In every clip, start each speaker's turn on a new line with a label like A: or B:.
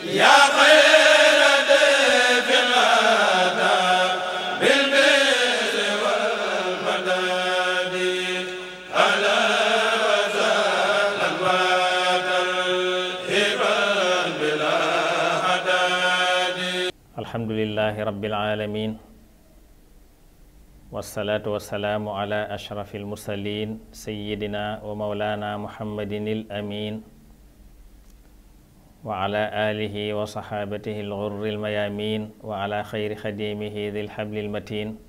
A: alhamdulilahi
B: rabbil alamin wasalaatu wasalaamu ala ashrafil mursalin sayyidina wa mawlana muhammadin al amin wa ala alihi wa saxaabatihi algurri almayaamin wa ala xayri xadimihi di lxabli almatin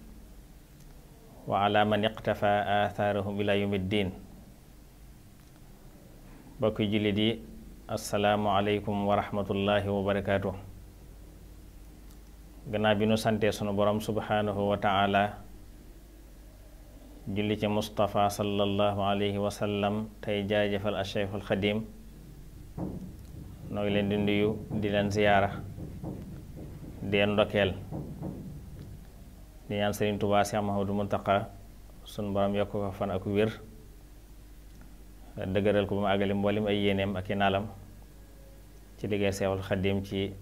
B: wa ala man iqtafa athaarahum ila yawmi ddin bokki jullit yi assalaamu aleykum wa rahmatullahi wa barakaatu gannaaw bi nu santee sunu borom subhaanahu wa taala julli ci Mustafa sallallahu alayhi wa sallam tey jaajëfal al Cheikhul Xadim noo leen di nuyu di leen ziyaara di leen ndokkeel di ñaan Sëriñ Tuubaa Seex Mahmadu Muntaqa sunu borom yokk ko fan ak wér dëgëral ko ba mu àggale mboolem ay yéeneem ak i naalam ci liggéey Seexul Xaddim ci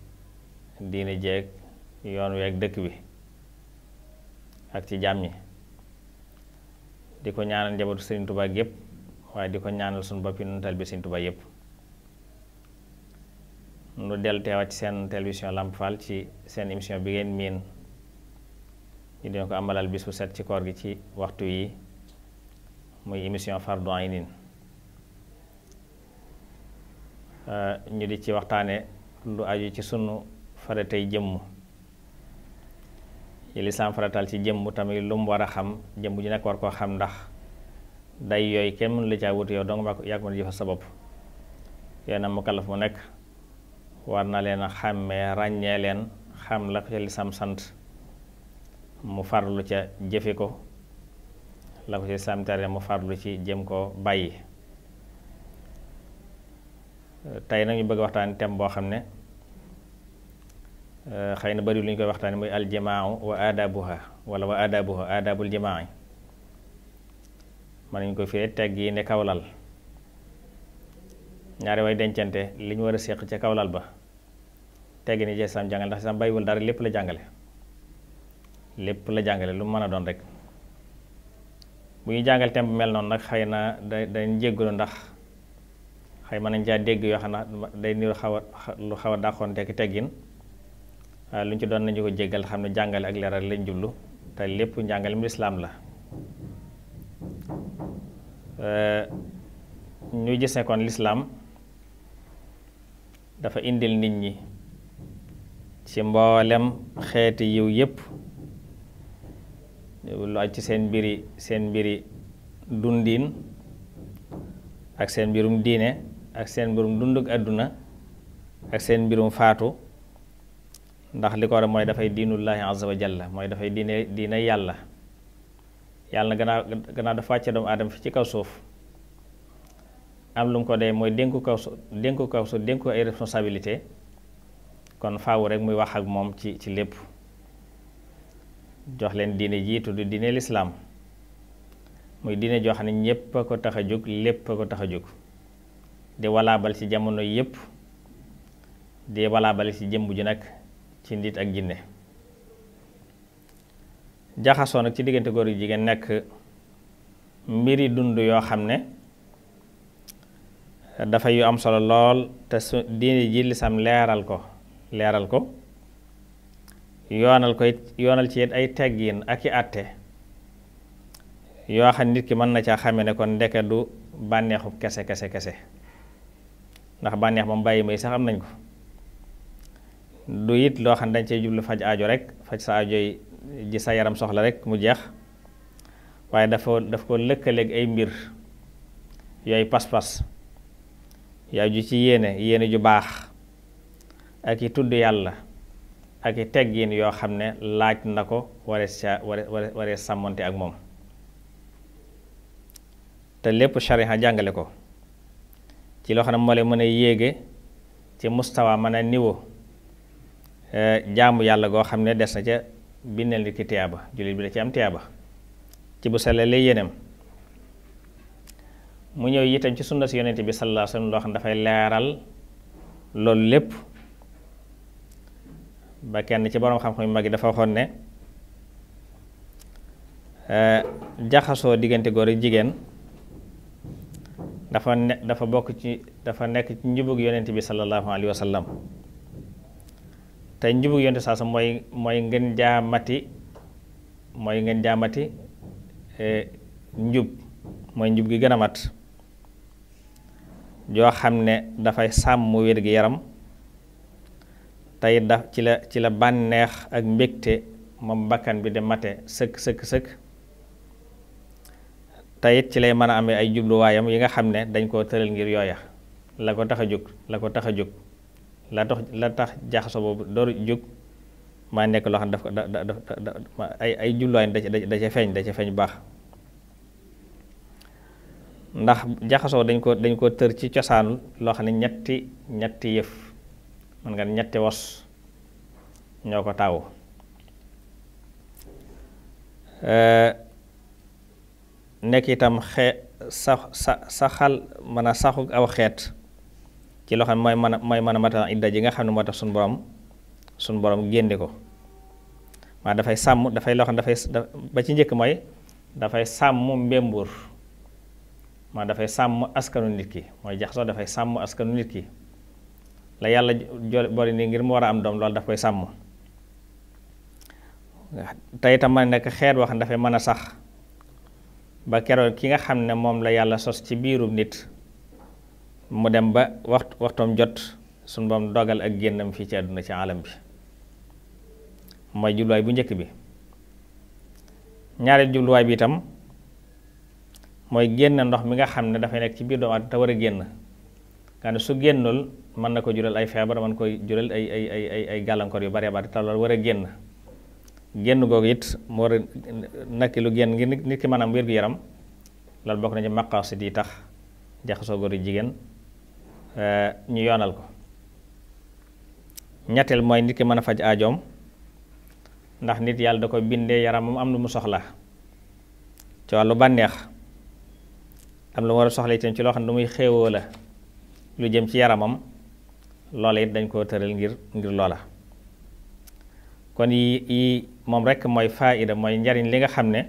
B: diine jeeg yoon weeg dëkk bi ak ci jàmm ñi di ko ñaanal njabootu Sëriñ Tuubaa yépp waaye di ko ñaanal sunu boppi nun bi Sëriñ Tuubaa yépp nu del teewaat ci seen télévision Lamp Fall ci seen émission bi ngeen miin ñu dina ko amalal bis set ci koor gi ci waxtu yi muy émission Fardul Hayni ñu di ci waxtaane lu aju ci sunu faratay jëmm yi lislaam faratal ci jëmm tamit lu mu war a xam jëmm ju nekk war koo xam ndax day yooyu kenn mënu la caa wut yow dong ma yàgg mën a jëfa sa bopp yooyu nag mu kalaf mu nekk war na leen a xàmmee ràññee leen xam la ko ca lislaam sant mu farlu ca jëfe ko la ko ci lislaam mu farlu ci jëm koo bàyyi tey nag ñu bëgg waxtaan tem boo xam ne eh, xëy na bari lu ñu koy waxtaan muy aljimaa wa aadabuha wala wa aadabuha aadabul jimaa mën nañu ko firee teg yi ne kawlal ñaari way dencante li ñu war a séq ca kawlal ba teggin yi islam jàngale ndax islam bàyyiwul dara lépp la jàngale lépp la jàngale lu mën a doon rek bu ñu jàngal thème mel noonu nag xay na da dañ jéggalu ndax xëy mën nañ caa dégg yoo xam ne day niru a xaw a dàqoonte ak teggin waaye lu ñu ci doon nañu ko jéggal xam ne jàngale ak leeral lañ jublu te lépp njàngale lislaam la ñu gis ne lislaam dafa indil nit ñi ci mboolem xeeti yiw yépp lu aj ci seen mbiri seen mbiri dundin ak seen mbirum diine ak seen mbirum dunduk àdduna ak seen mbirum faatu ndax li ko war a mooy dafay diinullahi azza wa jalla mooy dafay diine diine yàlla yàlla na gannaaw gannaaw dafa wàcce doomu aadama fi ci kaw suuf am lu mu ko dee mooy dénku kaw su dénku ay responsabilité kon faaw rek muy wax ak moom ci ci lépp jox leen diine ji tudd diine lislaam muy diine joo xam ne ko tax a jóg lépp a ko tax a jóg di walaabal ci jamono yépp di walaabal ci jëmb ji nag ci ndiit ak jinne jaxasoo nag ci diggante góor yu jigéen nekk mbiri dund yoo xam ne dafa yu am solo lool te su diine ji lislaam leeral ko leeral ko yoonal ko yoonal ci it ay teggiin ak i àtte yoo xam nit ki mën na caa xame ne kon ndeke du bànneexu kese kese kese ndax bànneex mu bàyyi may sax am nañ ko du it loo xam dañ cey jublu faj ajo rek faj sa aajo ji sa yaram soxla rek mu jeex waaye dafa daf ko lëkkaleeg ay mbir yooyu pas-pas yaa ju ci yéene yéene ju baax ak i tudd yàlla ak i teggin yoo xam ne laaj na ko warees ca ware warees sàmmonte ak moom te lépp shariha jàngale ko ci loo xam ne moo lay mën a yéege ci mustawa mën a niwo e, jaamu yàlla goo xam ne des na ca bindal nit ki tiyaaba jullit bi da ci am tiyaaba ci bu sale lay yéeneem mu ñëw yitam ci sunna si yonent bi sallallahu alayhi wa loo xam ne dafay leeral loolu lépp ba kenn ci boroom xam-xam yu mag yi dafa waxoon ne eh, jaxasoo diggante góor ak jigéen dafa ne dafa bokk ci dafa nekk ci njubug yonent bi sallallahu alayhi wa sallam te njubug yonent saa sa mooy mooy ngeen jaamati mooy ngeen jaamati eh, njub mooy njub gi gën a mat joo xam ne dafay sàmm wér gi yaram tey da ci la ci la bànneex ak mbégte moom bakkan bi di mate sëkk sëkk sëkk teyit ci lay mën a amee ay jubluwaayam yi nga xam ne dañ koo tëral ngir yooya la ko tax a jóg la ko tax a jóg la tax la tax jaxaso boobu door jóg maa nekk loo daf ko ay ay jubluwaay da ca baax ndax jaxasoo dañ ko dañ ko tër ci cosaanul loo xam ne ñetti ñetti yëf man nga ñetti wos ñoo ko taw eh, nekk itam xee sa sa saxal mën a saxu aw xeet ci loo xam mooy mën a mooy mën a matal idda ji nga xam ne moo tax suñu borom suñu borom génne ko waa dafay sàmm dafay loo xam dafay ba ci njëkk mooy dafay sàmm mbémbur maa dafay sàmm askanu nit ki mooy jaxasoo dafay sàmm askanu nit ki la yàlla jol bori ngir mu war a am doom loolu daf koy sàmm tey itam ma nekk xeet wax dafay mën a sax ba keroog ki nga xam ne moom la yàlla sos ci biirum nit mu dem ba waxtu waxtoom jot suñ boom dogal ak génnam fii ci àdduna ci alam bi mooy jubluwaay bu njëkk bi ñaareel jubluwaay bi itam mooy génn ndox mi nga xam ne dafay nekk ci biir doomu te war a génn nga ne su génnul mën na ko jural ay feebar mën koy jural ay ay ay ay gàllankoor yu bare bari te loolu war a génn génn googu it mu war a nakki lu génn ngir nit ki maanaam wér-gu-yaram loolu bokk na ci maqaasid yi tax jaxasoo jigéen eh, ñu yoonal ko ñetteel mooy nit ki mën a faj aajoom ndax nit yàlla da ko bindee yaram moom am lu mu soxla ci wàllu bànneex am lu mu war a soxla itam ci loo xam ne du muy xéewoo la lu jëm ci yaramam loola it dañ koo tëral ngir ngir loola kon yii yi moom rek mooy faida mooy njariñ li nga xam ne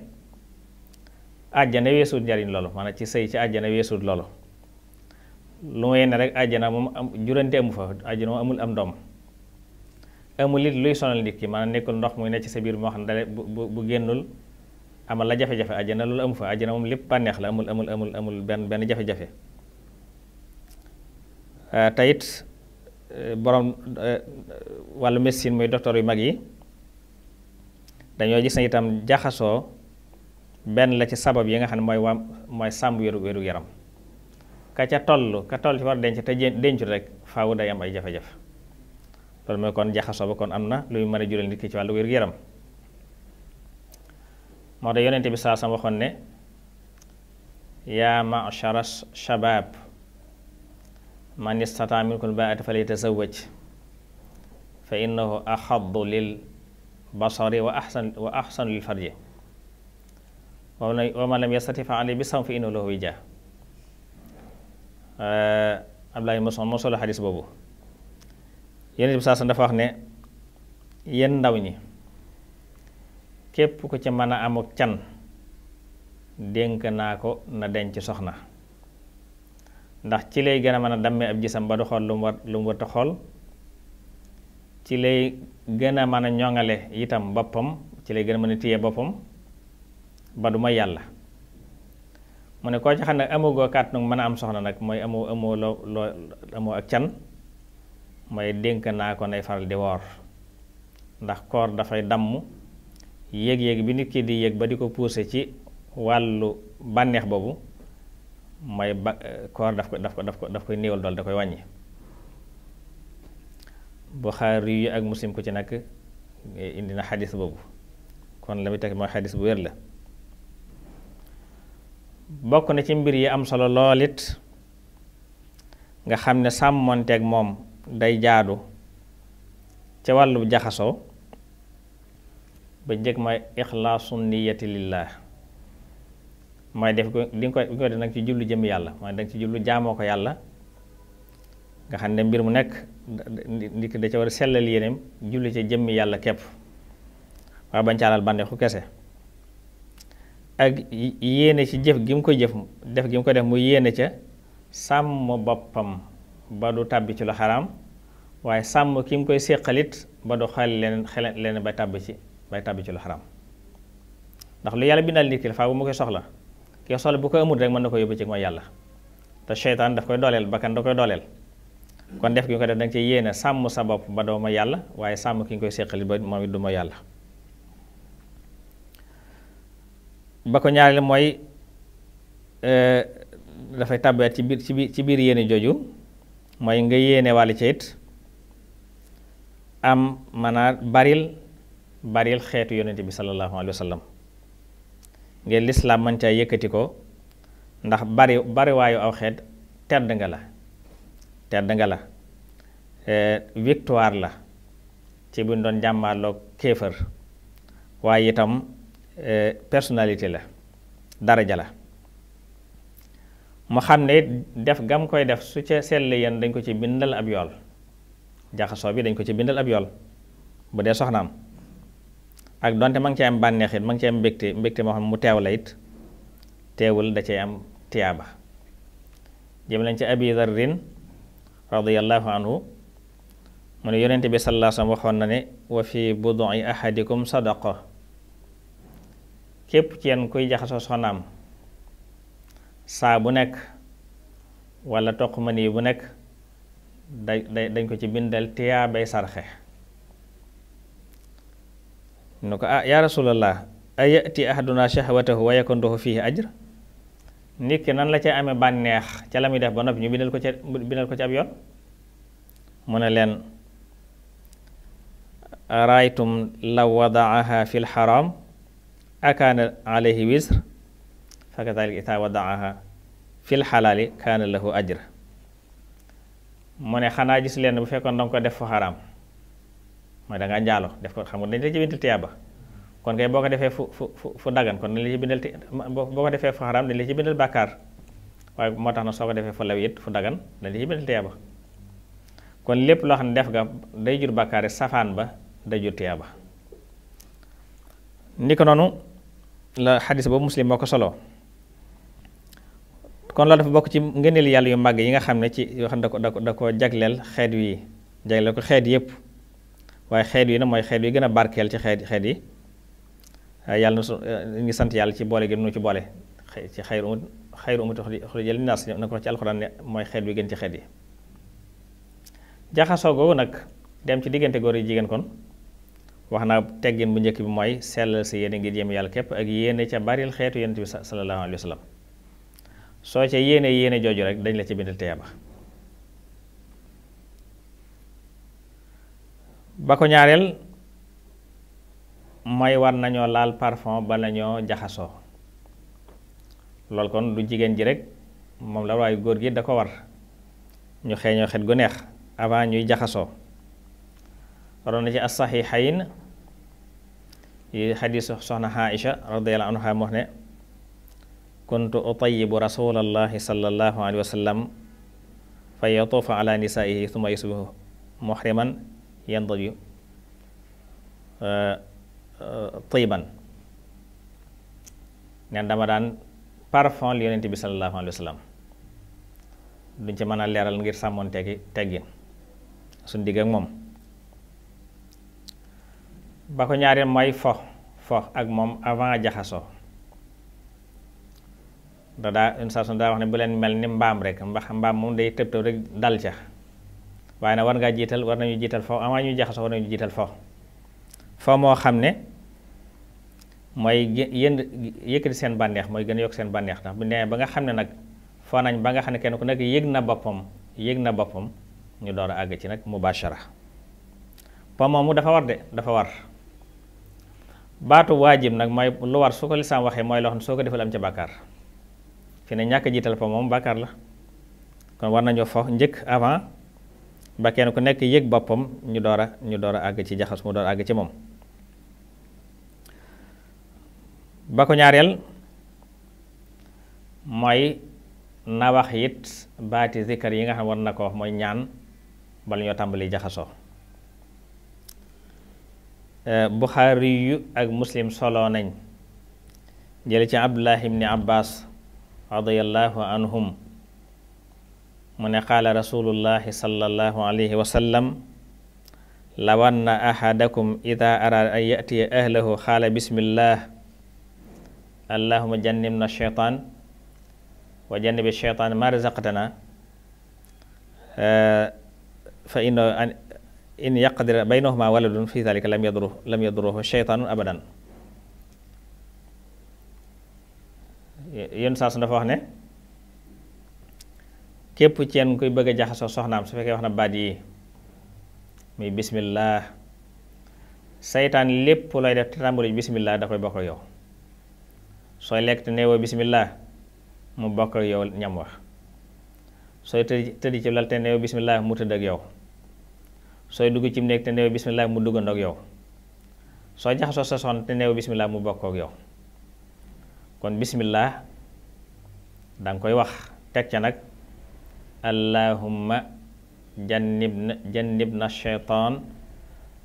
B: àjjana weesuut njariñ loolu maanaam ci sëy ci àjjana weesuut loolu lu may ne rek àjjana moom am jurante amu fa àjjana amul am doom amul it luy sonal ndikki ki maanaam nekkul ndox muy ne ci sa biir moo xam ne dale bu bu génnul amal la jafe-jafe àjjana loolu amu fa àjjana moom lépp bànneex la amul amul amul amul benn benn jafe-jafe Euh, te euh, borom euh, wàllu médecine muy docteur yu mag yi dañoo gis na itam jaxasoo benn la ci sabab yi nga xam ne mooy wam mooy sàmm wéru wéru yaram ka ca toll ka toll ci war denc te dencut rek faawu day am ay jafe-jafe loolu mooy kon jaxasoo ba kon am na luy mën a jural nit ki ci wàllu wéru yaram moo tax yonente bi saa sam waxoon ne yaa ma'shara shabaab man istataa minkum baa'ata falyatazawwaj fa innahu axaddu lil basari wa axsanu lil farji wa man lam yastati fa alayhi bisawm fa innahu lahu wijaa Ablaye Moussa moo solo xadis boobu yéen bi saasan dafa wax ne yéen ndaw ñi képp ko ci mën a amuk can dénk naa ko na denc soxna ndax ci lay gën a mën a damme ab gisam ba du xool lu mu war lu mu war a xool ci lay gën a mën a ñoŋale itam boppam ci lay gën a mën a tiye boppam ba du ma yàlla mu ne koo ci xam ne amagoo kàttu mën a am soxna nag mooy amoo amoo loo loo amoo ak can mooy dénk naa ko nay faral di woor ndax koor dafay damm yéeg yéeg bi nit ki di yéeg ba di ko pousser ci wàllu bànneex boobu mooy ba koor daf ko daf ko daf ko daf koy néewal dool da koy wàññi Buxaari yi ak Muslim ku ci nekk indi na xadis boobu kon la muy teg mooy xadis bu wér la bokk na ci mbir yi am solo lool it nga xam ne sàmmonteeg moom day jaadu ca wàllu jaxasoo ba njëkk mooy ixlaasu niyati lillah mooy def ko li nga koy ko def nag ci jublu jëm yàlla mooy danga ci jublu jaamoo ko yàlla nga xam ne mbir mu nekk ndikk ki da ca war a sellal yéeneem jublu ca jëmm yàlla képp waaye bañ ca kese ak yéene ci jëf gi mu koy jëf def gi mu ko def mu yéene ca sàmm boppam ba du tàbbi ci lu xaraam waaye sàmm ki mu koy séqalit ba du xel leen xel leen bay tàbbi ci bay tàbbi ci lu xaraam ndax lu yàlla bindal nit ki faa bu mu koy soxla te soxla bu ko amul rek mën na ko yóbbu ci mooy yàlla te seytaan daf koy dooleel bakkan da koy dooleel kon def gi ko def da nga ciy sàmm sa bopp ba doo yàlla waaye sàmm ki ñu koy séqali ba moom it du ma yàlla ba ko ñaareel mooy eh, dafay tàbbaat ci biir ci biir ci biir yéene jooju mooy nga yéene wàll ci am maanaam baril baril xeetu yonent bi sallallahu alayhi wa sallam ngir lislaam man ca yëkkati ko ndax bari bariwaayu aw xeet tedd nga la tedd nga la eh, victoire la ci buñ doon jàmmaarloo kéefër waaye itam eh, personnalité la daraja la mu xam ne def gam koy def su ca sell yéen dañ ko ci bindal ab yool jaxasoo bi dañ ko ci bindal ab yool bu dee soxnaam ak donte ma ngi cee am bànneex it ma ngi cee am mbégte mbégte moo xam mu teew la it teewul da am tiyaaba jëm lañ ci abi darrin radiallahu anhu mu ne yonente bi sallallahu waxoon na ne wa fi bud'i ahadikum sadaqa képp ci yeen kuy jaxasoo soxnaam saa bu nekk wala toq mani bu nekk da dañ ko ci bindal tiyaabay sarxe ne ko ah yaa rasulallah a yati ahaduna shahwatahu wa yakunduhu fihi ajr nit ki nan la ca amee banneex ca la muy def ba noppi ñu bindal ko ca bindal ko ci ab yoon mu ne leen araytum law wadaaha fi lxaram akaana la wisr fa kadalik ita wadaaha fi lxalaali kaana lahu ajr mu ne xanaa gis leen bu fekkoon danga ko def fu xaraam mooy da ngaa njaalo def ko xam nga dañ la ci bindal tiyaaba kon kay boo ko defee fu fu fu dagan kon dañ la ci bindal boo ko defee fu xaraam dañ la ci bindal bàkkaar waaye moo tax na soo ko defee fu lawit fu dagan dañ la ci bindal tiyaaba kon lépp loo xam ne def nga day jur bàkkaar safaan ba day jur tiyaaba ni ko noonu la xadis boobu muslim moo ko solo kon loolu dafa bokk ci ngëneel yàlla yu màgg yi nga xam ne ci yoo xam ne da ko da ko da ko jagleel xeet wi jagleel ko xeet yépp waaye xeet yi nag mooy xeet yi gën a barkeel ci xeet xeet yi ah, yàlla na su ngi sant yàlla ci boole gi nu ci boole ci xayru ummat xayru ummati uxrijat linnaas na ko ci alxuraan mooy xeet wi gën ci xeet yi jaxasoo googu nag dem ci diggante góor yi jigéen kon wax naa teggin bu njëkk bi mooy sellal sa yéene ngi jëm yàlla képp ak yéene ca baril xeetu yonent bi sallallahu alayhi wa sallam soo ca yéene yéene jooju rek dañ la ci bindal teya ba ko ñaareel mooy war nañoo laal parfum ba nañoo jaxasoo loolu kon du jigéen ji rek moom la waaye góor gi da ko war ñu xeeñoo xet gu neex avant ñuy jaxasoo waroon na ci as saxiixayn yi xadiis soxna Aïcha radiyallahu anha mu wax ne kuntu utayibu rasulallahi sallallahu alayhi wa sallam fa yatuufa ala nisaihi suma yusbihu muhriman ينضج طيبا neen dama daan parfum li yonent bi sallallahu alayhi wa duñ ci mën a leeral ngir sàmmoon tegi teggin suñ digg ak moom ba ko ñaareel mooy fo fo ak moom avant jaxasoo da daa daa wax ne bu leen mel ni mbaam rek mbax mbaam moom day tëb tëb rek dal ca waaye nag war ngaa jiital war nañu jiital faw amaa ñu jaxasoo war nañu jiital faw faw moo xam ne mooy yéen yëkkati seen bànneex mooy gën a yokk seen bànneex ndax bu nee ba nga xam ne nag faw nañ ba nga xam ne kenn ku nekk yëg na boppam yëg na boppam ñu door a àgg ci nag mubashara faw moomu dafa war de dafa war baatu waajib nag mooy lu war su ko lislaam waxee mooy loo ne soo ko defal am ca bàkkaar fi ne ñàkk jiital fa moom bàkkaar la kon war nañoo fo njëkk avant ba kenn ku nekk yëg boppam ñu door a ñu door a àgg ci jaxasoo mu door àgg ci moom ba ko ñaareel mooy na wax baati zikkar yi nga xam war na ko mooy ñaan bala ñoo tàmbali jaxasoo eh, buxaari ak muslim solo nañ jële ci abdullah ibni abbas radiyallahu anhum mu ne qaala rasulullahi sallallahu alayhi wa sallam lawanna ahadakum ida araada an yatiya ahlahu qaala bismillah allahuma jannibna sheytaan wa jannibi sheytaan ma razaqtana fa in in yaqdir baynahuma waladun fi dalika lam yadru lam yadruhu sheytaanun abadan yéen saa su dafa wax ne képp ci koy kuy bëgg jaxasoo soxnaam su fekkee wax na baat yi muy bismillah saytaan lépp looy def te tàmbali bismillah da koy bokk ak yow sooy lekk te neewoo bismillah mu bokk yow ñam wax sooy tëddi tëddi ci lal te neewoo mu tëdd dugg ci néeg te neewoo bismillah mu duggandoo ak yow soo jaxasoo sa soxna te neewoo bismillah mu bokk ak yow kon bismillah danga koy wax teg ca nag allahumma jannibna jannibna shaytaan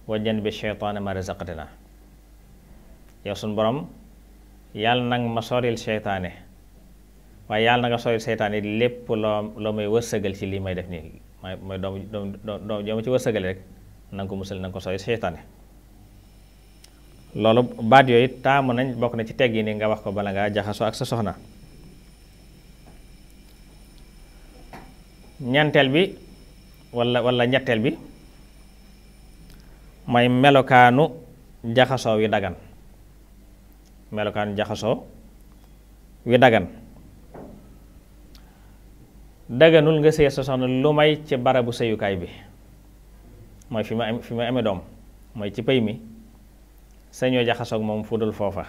B: wa jannibi shaytaana ma razaqtana yow sunu borom yàlla nag ma soril seytaane waaye yàlla na nga soril seytaane lépp loo loo may wërsëgal ci lii may def nii may may doomu doomu doomu ci wërsëgale rek nanga ko musal nanga ko soril seytaane loolu baat yooyu taamu nañ bokk na ci teggi ni nga wax ko bala ngaa jaxasoo ak sa soxna ñenteel bi walla walla ñetteel bi mooy melokaanu jaxasoo wi dagan melokaanu jaxasoo wi dagan daganul nga sëy sa soxna lu may ci barabu sëyukaay bi mooy fi ma am fi ma doom mooy ci pay mi sañoo jaxasoog moom fu dul foofa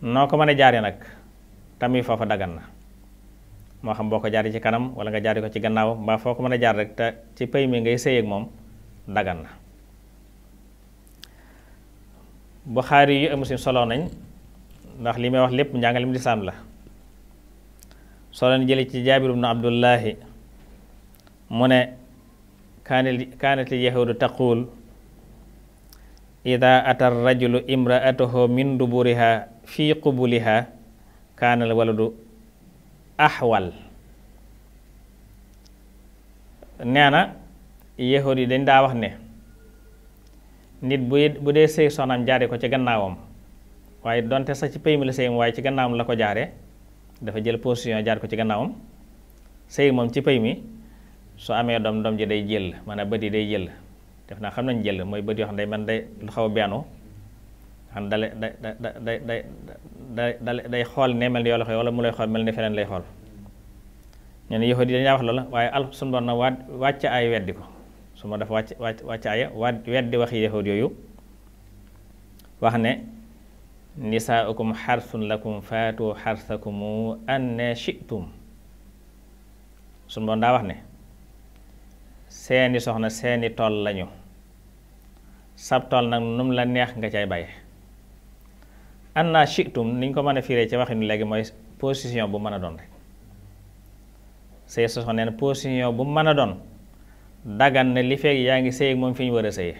B: noo ko mën a jaare nag tamit foofa dagan na moo xam boo ko jaaree ci kanam wala nga jaari ko ci gannaaw mbaa foo ko mën a jaar rek te ci pay mi ngay sëy ak moom dagan na Buxaari yu Muslim solo nañ ndax li may wax lépp njàngalem lislaam la solon jële ci Jaabir ibnu Abdullahi mu ne kaanati yahuudu taquul ida ata rajulu imraatahu min duburiha fi qubuliha kaanal waladu axwal nee na yahud yi dañ daa wax ne nit buy bu dee sëy soxnaam jaare ko ci gannaawam waaye donte sax ci pay mi la sëy waaye ci gannaawam la ko jaare dafa jël position jaar ko ci gannaawam sëy moom ci pay mi su amee doom doom ji day jël maanaam bët yi day jël def naa xam nañ jël mooy bët yoo xam ne day man day lu xaw a beenu xam dale da da day day day day xool ne mel ni yoo la xooy wala mu lay xool mel ni feneen lay xool ñu ne yahudi dañuy wax loola waaye al suñu borom na waa wàcc ay weddi ko su ma dafa wàcc wàcc wàcc ay weddi waxi yahudi yooyu wax ne nisaaukum xarsun lakum faatu xarsakum anna shi'tum suñu borom daa wax ne seeni soxna seeni tool lañu sab tool nag num la neex nga cay bàyyi an naa chitum ni ko mën a firee ci waxinu léegi mooy position bu mën a doon rek sëy soxna nee na position bu mën a doon dagan ne li feeg yaa ngi sëy ak moom fi ñu war a sëyee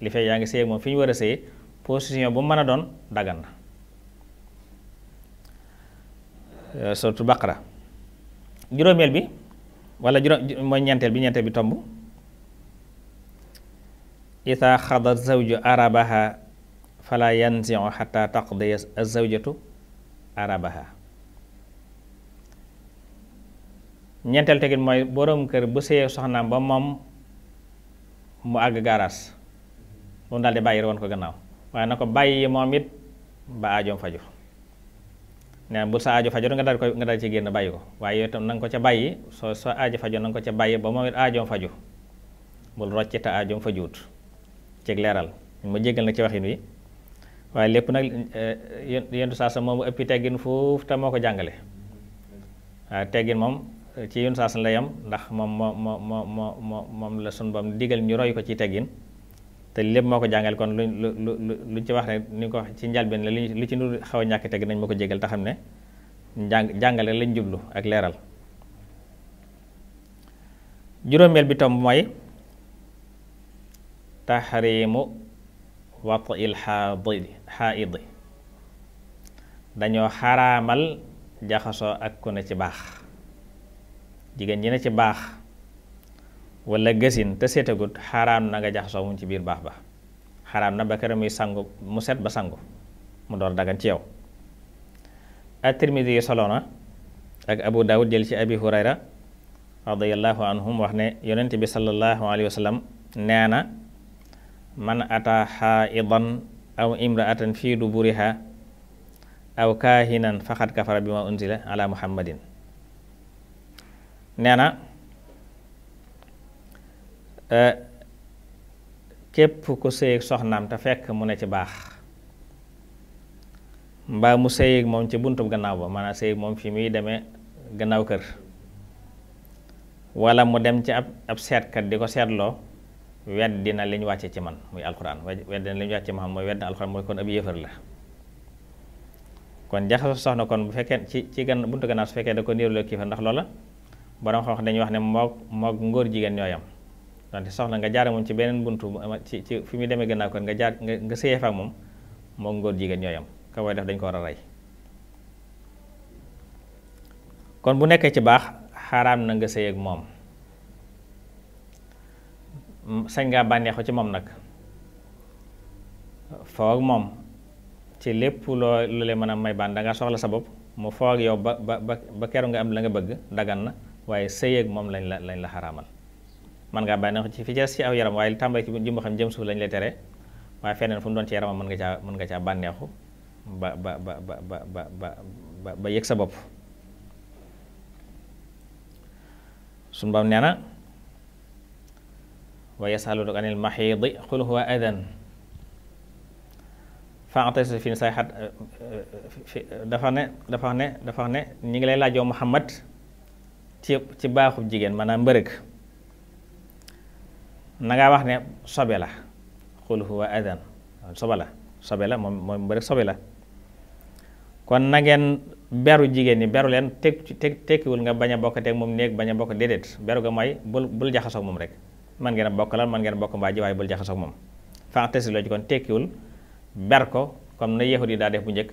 B: li feeg yaa ngi sëy ak moom fi ñu war a sëyee position bu mën a doon dagan na euh, surtout baqara juróomeel bi walla juróom mooy ñeenteel bi ñeenteel bi tomb isaa xadat zawju arabaha fala yanziu xata taqdi azawjatu arabaha ñeenteel tegit mooy borom kër bu sëyee soxnaam ba moom mu àgg gaaraas moom daal bàyyi bàyyi woon ko gannaaw waaye na ko bàyyi moom it ba aajoom faju nee bu sa aajo fajoon nga daal ci génn bàyyi ko waaye na nga ko ca bàyyi soo soo aajo fajoon na ko ca bàyyi ba moom it aajoom faju bul rocc te aajoom fajuut ci leeral mu jéggal na ci waxin wi waaye lépp nag eh, yentu saa sa moom bu teggin foofu te moo ko jàngale waaye teggin moom eh, ci yentu saa sa la ndax moom moo moo moom la sun bam digal ñu roy ko ci teggin te lépp moo ko jàngale kon lu lu lu luñ ci wax ne ni ko wax ci njalbeen la lu ci nu xaw a ñàkk teggin nañ ma ko jégal te xam ne njàng jàngale lañ jublu ak leeral juróomeel bi tam mooy taxriimu wat il xaadidi xaaid dañoo xaraamal jaxasoo ak ku ne ci baax jigéen ji ne ci baax wala gësin te seetagut xaraam na nga jaxasoo mum ci biir baax ba xaraam na ba kër muy sangu mu set ba sangu mu door dagan ci yow at-Tirmidi yi solo ak Abu Dawud jël ci Abi Hurayra radiyallahu anhum wax ne yonent bi sallallahu alayhi wa sallam nee na man ata aw fii fi duburiha aw kaahinan faxat kafara bi ma unzila ala muhammadin nee na e, képp ku sëyeeg soxnaam te fekk mu ne ci baax mbaa mu sëyeeg moom ci buntub gannaaw ba maanaam sëyeeg moom fi muy deme gannaaw kër wala mu dem ci ab ab seetkat di ko seetloo weddi dina li ñu wàcce ci man muy alxuraan weddi na li ñu wàcce ci Muhammad mooy wedd na alxuraan mooy kon ab yéefar la kon jaxasoo soxna kon bu fekkee ci ci gan buntu gannaaw su fekkee da ko niiruloo kii fa ndax loola borom xam-xam dañuy wax ne moog moog ngóor jigéen ñooyam donte soxla nga jaare moom ci beneen buntu ci ci fi muy demee gannaaw kon nga jaar nga sëyee fa moom moog ngóor jigéen ñooyam ka koy def dañ ko war a rey kon bu nekkee ci baax xaraam na nga sëy ak moom sañ ngaa bànneexu ci moom nag foog moom ci lépp loo lu leen mën a may baan danga soxla sa bopp mu foog yow ba ba ba keru nga am la nga bëgg dagan na waaye sëyeeg moom lañ la lañ la xaraamal mën ngaa bànneexu ci fi si aw yaram waaye li tàmbali ci jumbo xam jëm suuf lañ lay tere waaye feneen fu doon ci yaramam mën nga caa mën nga caa bànneexu ba ba ba ba ba ba ba yëg sa bopp suñu bam nee na waaye wa yasaluunaka anil maxiidi qul huwa adan fa'tasil fi sayxat dafa ne dafa ne dafa ne ñi ngi lay laajoo Muhammad ci ci baaxub jigéen maanaam mbërëg na ngaa wax ne sobe la qul huwa adan sobe la sobe la moom mooy mbërëg sobe la kon na ngeen beru jigéen ñi beru leen teg teg tekkiwul nga bañ a bokk te moom néeg baña bokk déedéet beru ga mooy bul bul jaxasoo moom rek man ngeen bokk lan man ngeen a bokk mbaa ji waaye bul jaxasoo moom fantasy loo kon tekkiwul ber ko comme na yahud yi daa def bu njëkk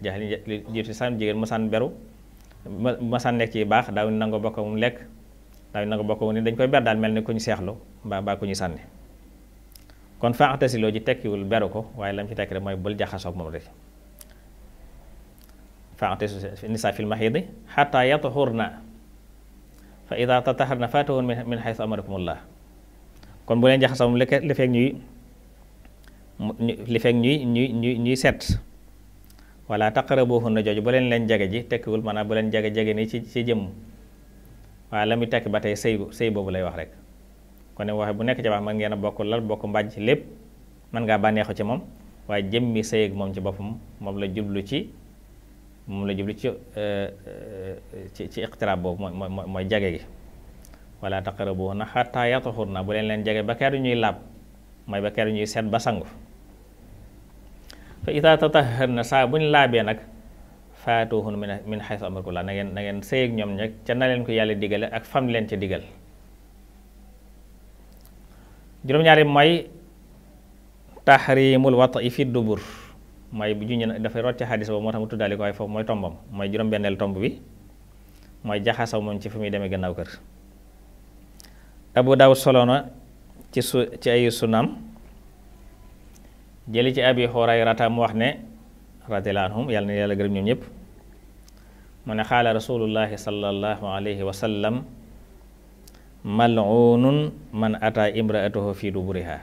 B: jax li jiit si sànni jigéen masaan beru masaan nekk ci baax daaw nango bokk mu lekk daaw na bokk mu ni dañ koy ber daal mel ni ku ñu seexlu mbaa mbaa ku ñu sànni kon fantasy loo tekkiwul beru ko waaye lam ci tekki rek mooy bul jaxasoo moom rek fantasy nisaa fil maxiidi xataa yatuxurna fa idaa tataxarna faatuhun min xaytu amarakumullah kon bu leen jaxasoo moom li feeg ñuy li feeg ñuy ñuy ñuy ñuy set wala taqrabuhunna jooju bu leen leen jege ji tekkiwul maanaam bu leen jege jege ni ci ci jëmm waaye la muy tekki ba tey sëy sëy boobu lay wax rek kon ne waxe bu nekk ci baax mën ngeen a bokk lal bokk mbàjj lépp man ngaa bànneexu ci moom waaye jëmmi sëy ak moom ci boppam moom la jublu ci moom la jublu ci euh, euh, ci ci iqtiraab boobu mooy mooy mooy jage gi wala taqrabuhunna hatta yatahurna bu leen leen jege ba keroog ñuy laab mooy ba keroog ñuy set ba sangu fa iza tatahharna saa bu ñu laabee nag faatuhun min min haythu amarakumullah na na ngeen sëy ak ñoom nag ca na leen ko yàlla digale ak fam leen ca digal juróom-ñaari mooy tahrimul wat'i fi dubur mooy bu juñu dafay root ci xadis boobu moo tax mu tuddaali ko waaye foofu mooy tombam mooy juróom-benneel tomb bi mooy jaxasaw moom ci fi muy demee gannaaw kër abu daawud solo na ci su ci ay sunam jëli ci abi hurayrata mu wax ne radiyallahu anhum yàlla na yàlla gërëm ñoom ñëpp mu ne xaala rasulullahi sallallahu alayhi wa sallam mal'unun man ata imra'atahu fi duburiha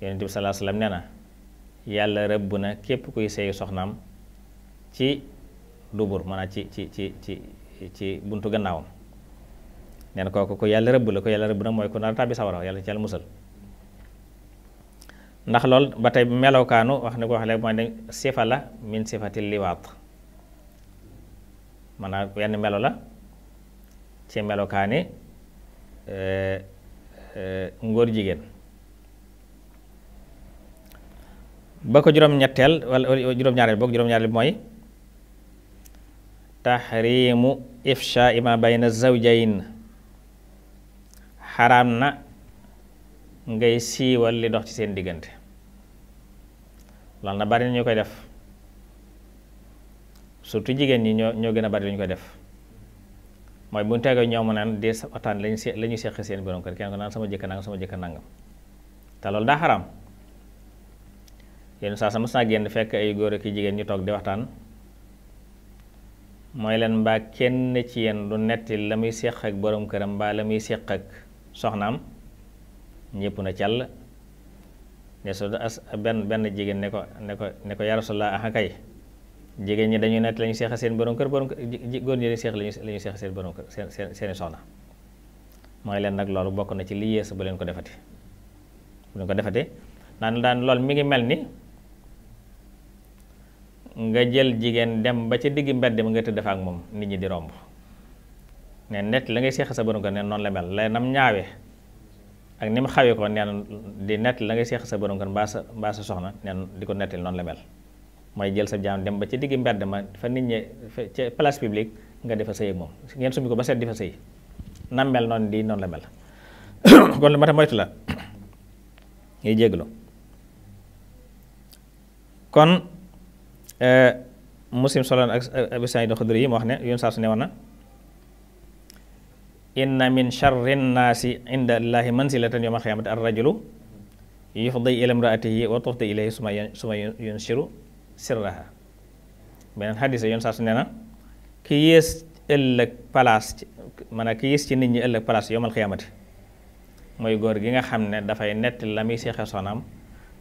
B: yonent bi sallallahu alayhi wa sallam nee na yàlla rëbb na képp kuy seey soxnaam ci dubur maanaam ci ci ci ci ci buntu gannaawam neen kooku ku yàlla rëbb la ku yàlla rëbb nag mooy ku nar tàbbi sawara yàlla ci yàlla musal ndax lool ba tey melokaanu wax ni ko wax léegi mooy ne sifa la min sifati yenn melo la ci melokaani eh, eh, ngóor jigéen ba ko juróom-ñetteel wala juróom-ñaareel boog juróom-ñaareel bi mooy tahrimu ifsha ma bayna zawjayn xaraam na ngay siiwal li dox ci seen diggante loolu na bari na ñu koy def surtout jigéen ñi ñoo ñoo gën a bari lu ñu koy def mooy bu ñu teggee ñoom naan di waxtaan lañu se la ñu seq seen borom kër kenn ko naan sama jëkk nangam sama jëkk nangam te loolu daa xaraam yenn saa sa mës naa génn fekk ay góor ak jigéen ñu toog di waxtaan mooy leen mbaa kenn ci yéen du netti la muy seq ak borom këram mbaa la muy seq ak soxnaam ñëpp na càll ne su as benn benn jigéen ne ko ne ko ne ko yaa Rasulallah ah jigéen ñi dañuy nett la seex seexa seen borom kër borom góor ñi dañu seex la ñu seexa seen borom kër seen seeni soxna mooy leen nag loolu bokk na ci li yées bu leen ko defati bu leen ko defati daan daan lool mi ngi mel ni nga jël jigéen dem ba ca digg mbedd mi nga tëdd fa ak moom nit ñi di romb ne nett la ngay seex sa borom kër ne noonu la mel lay nam ñaawee ak ni mu xawee ko neen di nett la ngay seex sa borom kër mbaa sa mbaa sa soxna neen di ko nettali noonu la mel mooy jël sa jaam dem ba ci digg mbedd ma fa nit ñi ca place publique nga defa sëy moom ngeen summi ko ba seet di fa sëy nam mel noonu di noonu la mel kon lu ma ta moytu la ngay jéglu kon eh, muslim soloon ak Abu Saïd Xudri yi mu wax ne yoon saa su ne woon na inna min charri nnaasi inda allahi mansilatan yawma alxiyamati arrajulu yufdi ila imraatihi wa tufdi ilayhi suma suma yunshiru sirraha beneen xadis yoon saa su nee na ki yées ëllëg place maanaam ki yées ci nit ñi ëllëg place yawmal xiyaamati mooy góor gi nga xam ne dafay nett la muy seexe soxnaam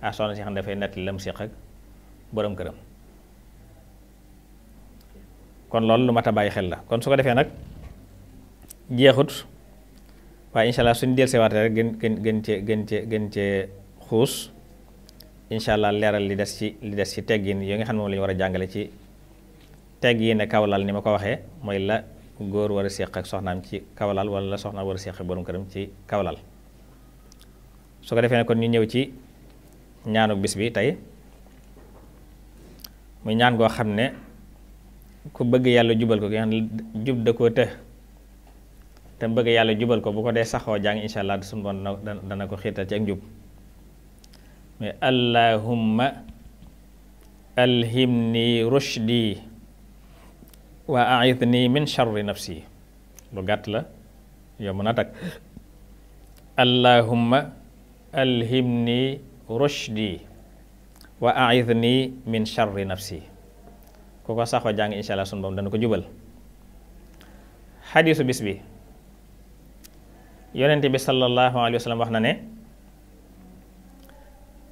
B: ak dafay netti la mu këram kon loolu lu mat a bàyyi xel la kon su ko defee nag jeexut waaye incha allah suñu dellusiwaatee rek gën gën gën cee gën cee gën cee xuus incha allah leeral li des ci li des ci teggin yi nga xam ne moom la war a jàngale ci teggin ne kawlal ni ma ko waxee mooy la góor war a séq ak soxnaam ci kawlal wala la soxnaam war a séq ak këram ci kawlal su ko defee ne kon ñu ñëw ci ñaanu bis bi tey muy ñaan goo xam ne ku bëgg yàlla jubal ko ki nga xam ne jub da koo të te mu bëgg yàlla jubal ko bu ko dee saxoo jàng incha allah sunu bon dana ko xiirtal ci ak njub mais allahumma alhimni rushdi wa aidni min sharri lu gàtt la yow mën a takk allahumma alhimni rushdi wa aidni min sharri nafsi ku ko saxoo jàng incha allah sunu bon dana ko jubal xadiisu bis bi yonent bi sallallahu alayhi wa wax na ne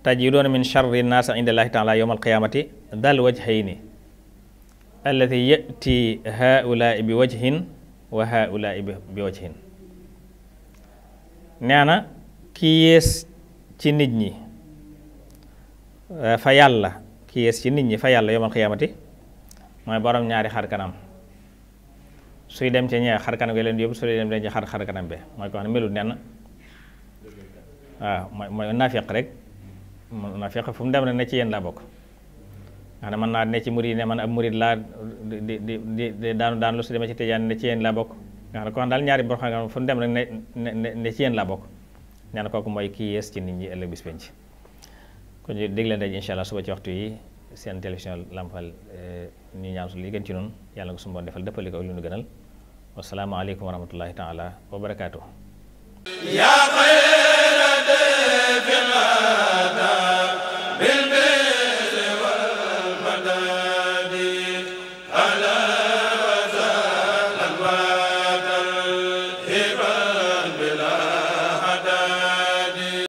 B: tajiduuna min charri naasa inda llaahi taala yowma alqiyaamati dal wajhayni allati yati haulaai bi wajhin wa haulaai bi wajhin nee na ki ci nit ñi fa yàlla ki yées ci nit ñi fa yàlla yowma alqiyaamati mooy borom ñaari xar kanam suy dem ci ñee xar kanam gi leen yóbbu su dee dem dañ ci xar xar kanam bi mooy ko xam ne melut nenn waaw mooy mooy naafeq rek naafeq fu mu dem rek ne ci yéen laa bokk nga xam ne naa ne ci murid ne man ab murid laa di di di daanu daanu ci tijaan ne ci yéen laa bokk nga kon daal ñaari bor xam dem rek ne ne ci yéen laa bokk kooku mooy kii yees ci nit ñi ëllëg bis penc kon ñu dégg leen daj suba ci waxtu yi seen télévision Lamp Fall eh, ñu su li gën ci noonu yàlla nga suñu defal dëppali ko ak lu ñu gënal wassalaamu aleykum wa rahmatullahi taala wa barakaatu